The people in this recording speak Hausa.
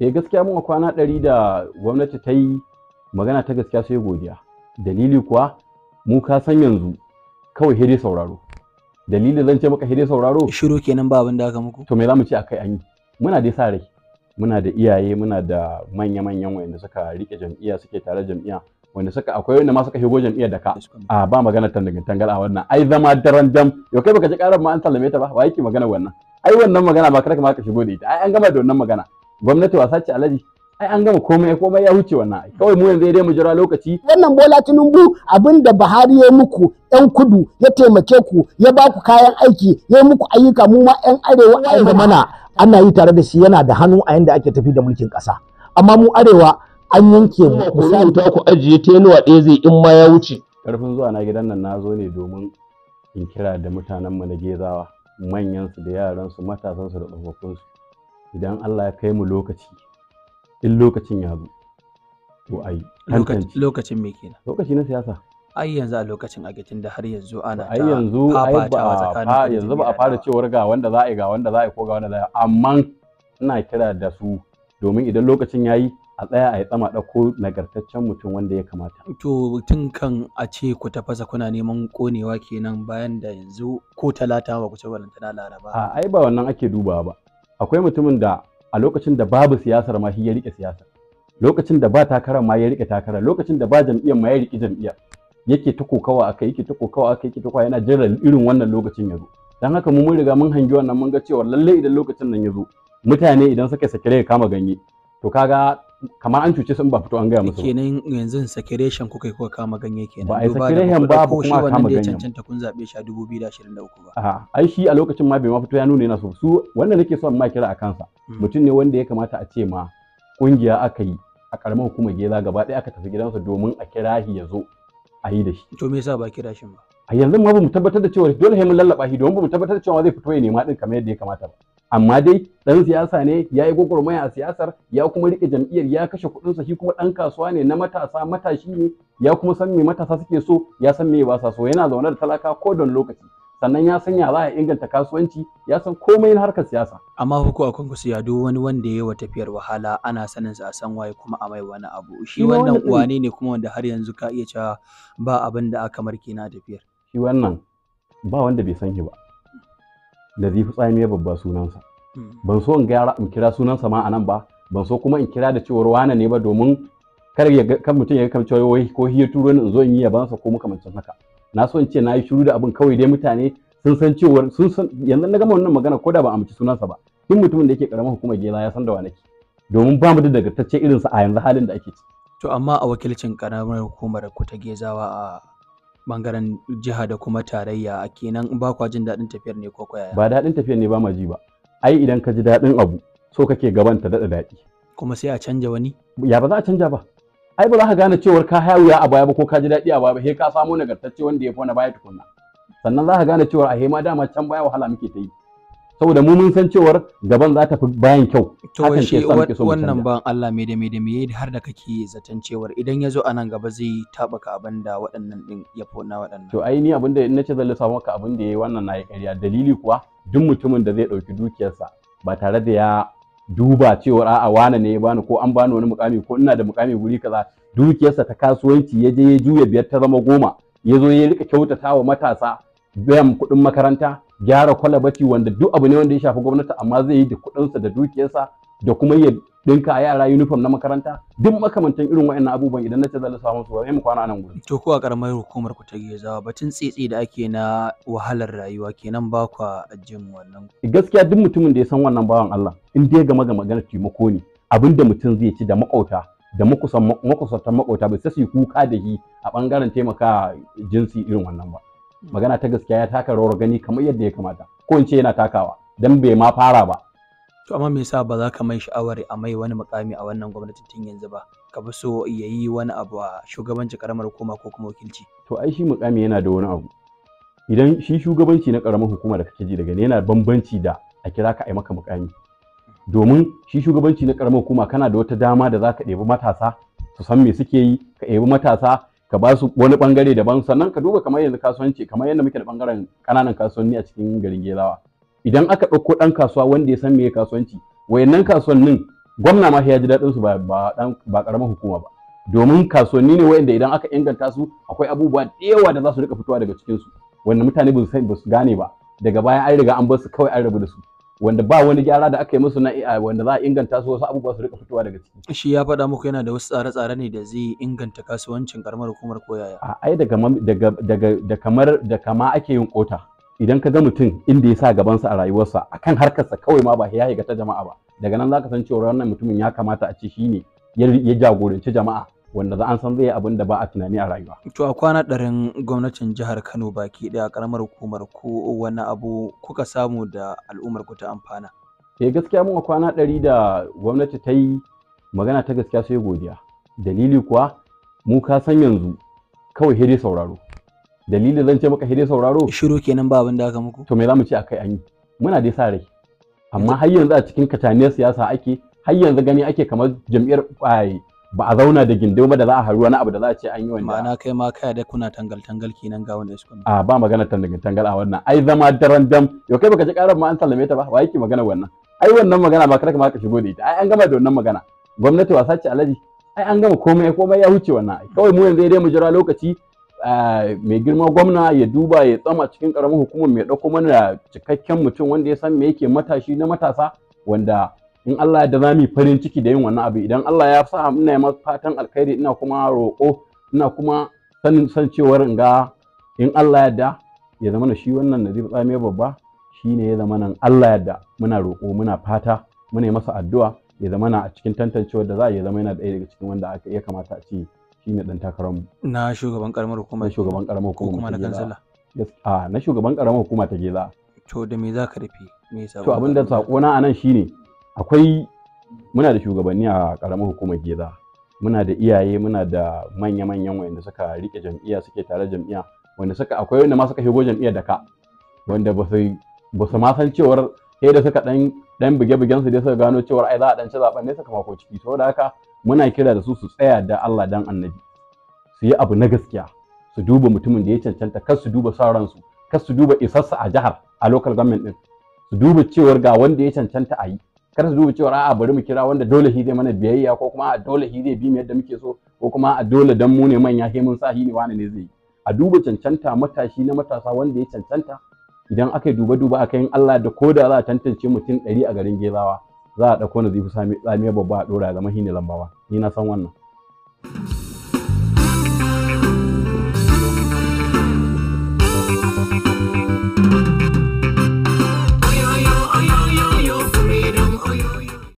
eh gaskiya mun kwana 100 da gwamnati ta yi magana ta gaskiya sai godiya dalili kuwa mu ka san yanzu kawai hede sauraro dalili zan ce maka hede sauraro shiru kenan ba abin da aka muku to me zamu ce akai an yi muna da sa rai muna da iyaye muna da manya manyan wanda suka rike jam'iyya suke tare jam'iyya wanda suka akwai wanda ma suka shigo jam'iyyar da ka a ah, ba magana daga tangal a wannan ai zama daren dam yau kai baka ji karar ma an sallame ta ba wa yake magana wannan ai wannan magana ba kada ka ma ka shigo da ita ai an gama da wannan magana gwamnati wasa ce alaji ai an gama komai komai ya wuce wannan kawai mu yanzu dai mu jira lokaci wannan bola tinubu abin da buhari ya muku yan kudu ya taimake ku ya ba ku kayan aiki ya muku ayyuka mu ma yan arewa a mana ana yi tare da shi yana da hannu a yanda ake tafi da mulkin kasa amma mu arewa an yanke mu misali ta ku ajiye teluwa ɗaya zai in ma ya wuce karfin zuwa na gidan nan na zo ne domin in kira da mutanen mu na gezawa manyan su da yaran su matasan su da tsofaffin su idan Allah ya kai mu lokaci in lokacin ya zo to ai lokacin me kenan lokaci na siyasa ai yanzu a lokacin a gicin da har yanzu ana ai yanzu ai ba yanzu ba a fara cewar ga wanda za a yi ga wanda za a yi ko ga wanda za a yi amma ina kira da su domin idan lokacin ya yi a tsaya a yi tsama ɗauko nagartaccen mutum wanda ya kamata. To tun kan a ce ku tafasa kuna neman konewa kenan bayan da yanzu ko talata ba ku ce balantana laraba. A ai ba wannan ake dubawa ba. akwai mutumin da a lokacin da babu siyasar ma shi ya rike siyasa lokacin da ba takara ma ya rike takara lokacin da ba jam'iyyar ma ya rike jam'iyya yake ta kokawa aka yake ta kokawa aka yake ta kokawa yana jiran irin wannan lokacin ya zo dan haka mu mun riga mun hangi wannan mun ga cewa lalle idan lokacin nan ya zo mutane idan suka saki ya kama ganye to kaga kamar an cuce su in ba fito an gaya musu kenan yanzu sakireshen kuka kuka kama ganye kenan ba ai sakireshen ba ko kuma kama ganye cancanta kun zabe shi a 2023 ba a ai shi a lokacin ma bai ma fito ya nuna yana so su wanda nake son ma kira a kansa hmm. mutum ne wanda ya kamata a ce ma kungiya aka yi a karamar hukumar gela gaba ɗaya aka tafi gidansa domin a kira shi ya zo a yi da shi to me yasa ba kira shi ba a yanzu ma ba mu tabbatar da cewa dole sai mun lallaba shi domin ba mu tabbatar da cewa zai fito ya nema din kamar yadda ya kamata ba amma dai dan siyasa ne ya yi gwagwarmaya a siyasar ya kuma rike jam'iyyar ya kashe kuɗinsa shi kuma dan kasuwa ne na matasa matashi ne ya kuma san me matasa suke so ya san me ba sa so yana zaune da talaka ko don lokaci sannan ya san ya za a inganta kasuwanci ya san komai na harkar siyasa amma huku a kun ya duk wani wanda ya yi wa tafiyar wahala ana sanin sa san waye kuma a mai wani abu shi wannan wane ne kuma wanda har yanzu ka iya cewa ba abin da aka marke na tafiyar shi wannan ba wanda bai san shi ba da zai fi ya babba sunansa hmm. ban so in gyara in kira sunansa ma a nan ba ban so kuma in kira da cewar wane ne ba domin kar ya kan mutum ya ga kamcewa wai ko hiya turo ni in zo in yi yabansa ko makamancin haka na so in ce na yi shiru da abin kawai dai mutane sun san cewar sun san yanzu na gama wannan magana ko da ba a mace sunansa ba duk mutumin da yake karamar hukumar gela ya san da wane domin ba mu da dagataccen irinsa a yanzu halin da ake ciki to amma a wakilcin karamar hukumar ku ta gezawa a bangaren jiha da kuma tarayya a kenan ba kwa jin daɗin tafiyar ne ko kwaya ba daɗin tafiyar ne ba ma ji ba ai idan ka ji daɗin abu so kake gaban ta daɗa daɗi kuma sai a canja wani ya ba za a canja ba ai ba za ka gane cewar ka haya a baya ba ko ka ji daɗi a baya ba sai ka samo nagartacce wanda ya fi wani baya tukunna sannan za ka gane cewar a hema dama can baya wahala muke ta yi saboda mu mun san cewar gaban za ta fi bayan kyau to shi wannan ban Allah me da me da me har da kake zaton cewar idan ya zo a nan gaba zai tabaka abin da waɗannan din ya fona waɗannan to ai ni abin da in nace zan lissafa maka abin da yayi wannan nayi ƙarya dalili kuwa duk mutumin da zai ɗauki dukiyarsa ba tare da ya duba cewar a'a wane ne ya bani ko an bani wani mukami ko ina da mukami guri kaza dukiyarsa ta kasuwanci ya je ya juya biyar ta zama goma ya zo ya rika kyautata wa matasa biyan kuɗin makaranta gyara kwalabati wanda duk abu ne wanda ya shafi gwamnati amma zai yi da kuɗinsa da dukiyarsa da kuma ya dinka a yara uniform na makaranta duk makamantan irin wa'annan abubuwan idan na ce zan lissafa musu ba mu kwana nan gurin to ko a karamar hukumar ku ta Gezawa batun tsitsi da ake na wahalar rayuwa kenan ba a jin wannan gaskiya duk mutumin da ya san wannan bawan Allah in dai game ga maganar taimako ne abinda mutum zai ci da makauta da makusantan makauta ba sai su yi kuka da shi a bangaren taimaka jinsi irin wannan ba Mm. magana ta gaskiya ya taka rawar gani kamar yadda ya kamata ko in ce yana takawa dan bai ma fara ba to amma me yasa ba za ka mai sha'awar a mai wani mukami a wannan gwamnatin tun yanzu ba ka fi so yayi yi wani abu a shugabanci karamar hukuma ko kuma wakilci to ai shi mukami yana da wani abu idan shi shugabanci na karamar hukuma da kake ji daga ne yana bambanci da a kira ka ai maka mukami domin shi shugabanci na karamar hukuma kana da wata dama da za ka ɗebi matasa su san me suke yi ka ɗebi matasa ka ba su wani bangare daban sannan ka duba kamar yanzu kasuwanci kamar yadda muke da bangaren kananan kasuwanni a cikin garin Gelawa idan aka ɗauko ɗan kasuwa wanda ya san me kasuwanci wayannan kasuwannin gwamna ma ya ji daɗin su ba ba hukuma ba domin kasuwanni ne wayanda idan aka inganta su akwai abubuwa da yawa da za su rika fitowa daga cikin su wanda mutane ba su gane ba daga baya an riga an bar su kawai an rabu da su wanda ba wani gyara da aka yi musu na wanda za a inganta su wasu abubuwa su rika fitowa daga ciki. Shi ya faɗa muku yana da wasu tsare-tsare ne da zai inganta kasuwancin karamar hukumar ko A ai da kamar da kama ake yin kota. Idan ka ga mutum inda ya sa gabansa a rayuwarsa akan harkarsa kawai ma ba ya yi ta jama'a ba. Daga nan za ka san cewa wannan mutumin ya kamata a ce shi ne ya jagoranci jama'a wanda za an san zai abin da ba a tunani a rayuwa. To a kwana ɗarin gwamnatin jihar Kano baki ɗaya ƙaramar hukumar ko wani abu kuka samu da al'ummar ku ta amfana. Te eh, gaskiya mun a kwana ɗari da gwamnati ta yi magana ta gaskiya sai godiya. Dalili kuwa mu ka san yanzu kawai hede sauraro. Dalili zan ce maka hede sauraro. Shiru kenan ba abin da aka muku. To me za mu ce a kai an yi? Muna dai sa rai. Amma har yanzu a cikin kataniyar siyasa ake har yanzu gani ake kamar jam'iyyar ba a zauna da gindin ba da za a haru wani abu da za a ce an yi wanda ma'ana kai ma kai da kuna tangal tangal kenan ga wanda shi a ba magana tangal tangal a wannan ai zama daren dam yau kai baka ji karar ma an sallame ta ba wa yake magana wannan ai wannan magana ba kada ka ma ka shigo da ita ai an gama da wannan magana gwamnati wasa ce alaji ai an gama komai komai ya huce wannan ai kawai mu yanzu dai mu jira lokaci mai girma gwamna ya duba ya tsama cikin karamin hukumar mai dauko mana cikakken mutum wanda ya san me yake matashi na matasa wanda in Allah ya dama zamu farin ciki da yin wannan abu idan Allah ya sa ina yi masa fatan alkhairi ina kuma roƙo ina kuma sanin san cewar in ga in Allah ya da ya zama shi wannan Nazif Tsamiya babba shine ya zama nan Allah ya da muna roƙo muna fata muna masa addu'a ya zama na a cikin tantancewar da za a ya zama yana ɗaya daga cikin wanda ya kamata a ce shine dan takararmu na shugaban karamar hukuma Na shugaban karamar hukuma kuma na kansala a na shugaban karamar hukuma ta geza to da me za ka rufe me yasa to abin da sako na anan shine akwai muna da shugabanni a ƙaramin hukumar geza muna da iyaye muna da manya-manyan wanda suka rike jam'iyya suke tare jam'iyya wanda suka akwai wanda ma suka shigo jam'iyyar da ka wanda ba su ba ma san cewar sai da suka dan dan buge-bugen su dai suka gano cewar ai za a dan ci zaben ne suka mako ciki saboda haka muna kira da su su tsaya da Allah dan annabi su yi abu na gaskiya su duba mutumin da ya cancanta kar su duba sauran su kar su duba isarsa a jihar a local government din su duba cewar ga wanda ya cancanta a yi kar su duba cewa a'a bari mu kira wanda dole shi zai mana biyayya ko kuma a dole shi zai bi mu yadda muke so ko kuma a dole dan mu ne manya sai mun sa shi ne wani ne zai yi a duba cancanta matashi na matasa wanda ya cancanta idan aka duba duba aka yin Allah da koda za a tantance mutum ɗari a garin Gezawa, za a ɗauko na zai fi tsamiya babba a ɗora ya zama shi ne lambawa ni na san wannan.